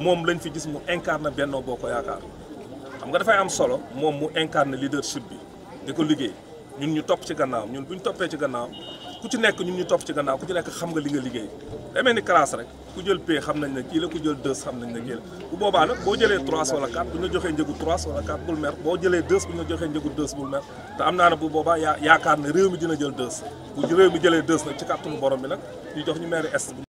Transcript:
moom lañu fi gis mu incarne Benno Bokk Yaakaar xam nga dafay am solo moom mu incarne leadership bi di ko liggéey ñun ñu topp ci gannaaw ñun bu ñu toppee ci gannaaw ku ci nekk ñun ñu topp ci gannaaw ku ci nekk xam nga li nga liggéey day mel ku jël P xam nañ ne kii jël 2 xam nañ ne kii bu boo jëlee 3 wala 4 bu ñu boo jëlee 2 bu ñu joxee njëgu am naa ne bu boobaa yaa yaakaar ne réew mi dina jël 2 bu réew mi jëlee 2 nag ci kàttanu borom bi nag ñu jox ñu maire est